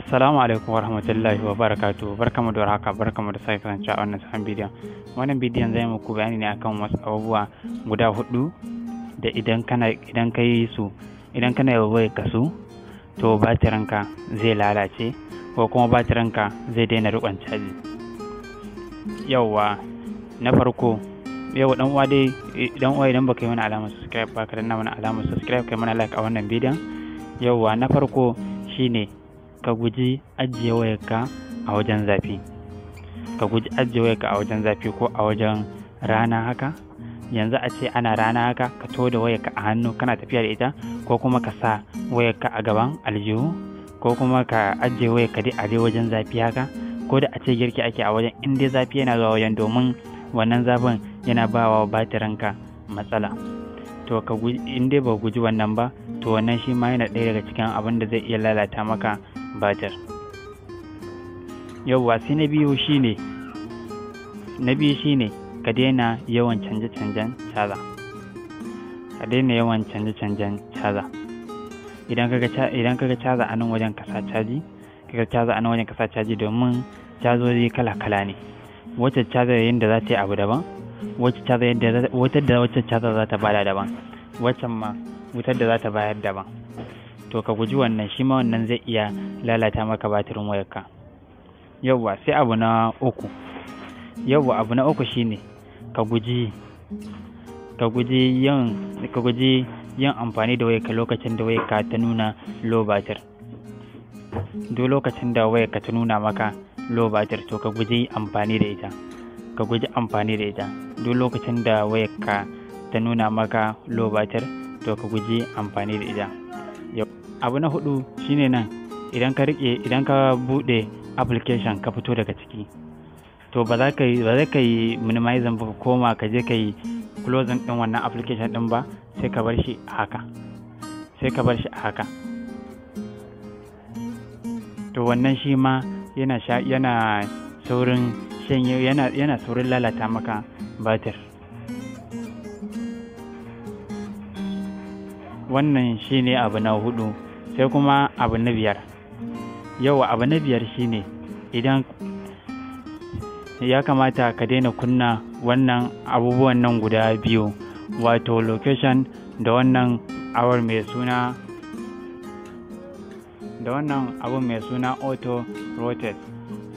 Assalamu alaikum warahmatullahi wabarakatuh barkamu da warhaka barkamu da sake zance a wannan sabon bidiyon wannan bidiyon zai muku bayani ne akan wasu abubuwa guda hudu da idan kana idan ka yi su idan kana yawa bai kasu to batirinka zai lalace ko kuma batirinka zai daina rikon caji yawa na farko yau dan uwa dai dan uwa idan baka yi mana alamar subscribe baka danna mana alamar subscribe kai mana like a wannan bidiyon yawa na farko shine ka guji ajiye wayarka a wajen zafi ka guji ajiye wayarka a wajen zafi ko a wajen rana haka yanzu a ce ana rana haka ka to da wayarka a hannu kana tafiya da ita ko kuma ka sa wayarka a gaban aljihu ko kuma ka ajiye wayarka dai a dai wajen zafi haka ko da a ce girki ake a wajen in zafi yana zuwa wajen domin wannan zafin yana ba wa batirinka matsala to ka in dai ba guji wannan ba to wannan shi ma yana ɗaya daga cikin abin da zai iya lalata maka batir yauwa sai na biyu shine na biyu shine ka daina yawan canje-canjen caza ka daina yawan canje-canjen caza idan kaga caza a nan wajen kasa caji kaga caza a nan wajen kasa caji domin cazozi kala-kala ne wacce caza yadda za ta yi abu daban wacce caza yadda wacce da wacce caza za ta bada daban wacce ma wutar da za ta bayar daban to ka guji wannan shi ma wannan zai iya lalata maka batirin wayarka yawwa sai abu na uku yawwa abu na uku shine ka guji ka guji yin ka guji yin amfani da wayarka lokacin da wayarka ta nuna low batir duk lokacin da wayarka ta nuna maka low batir to ka guji amfani da ita ka guji amfani da ita duk lokacin da wayarka ta nuna maka low batir to ka guji amfani da ita abu na hudu shine nan idan ka rike idan ka bude application ka fito daga ciki to ba za ka yi ba za ka yi minimizing ba koma ka je ka yi closing din wannan application din ba sai ka bar shi a haka sai ka bar shi haka to wannan shi ma yana sha yana saurin yana yana saurin lalata maka batir wannan shine abu na hudu sai kuma abu na biyar yawa abu na biyar shine idan ya kamata ka daina kunna wannan abubuwan nan guda biyu wato location da wannan awar mai suna da wannan abu mai suna auto rotate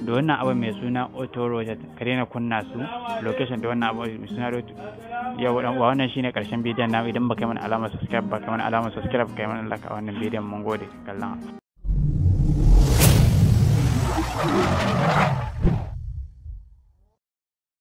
da wannan abu mai suna auto rotate ka daina kunna su location da wannan abu mai suna yau dan uwa wannan shine karshen bidiyon namu idan baka yi mana alamar subscribe baka yi mana alamar subscribe kai mana like a wannan bidiyon mun gode kallon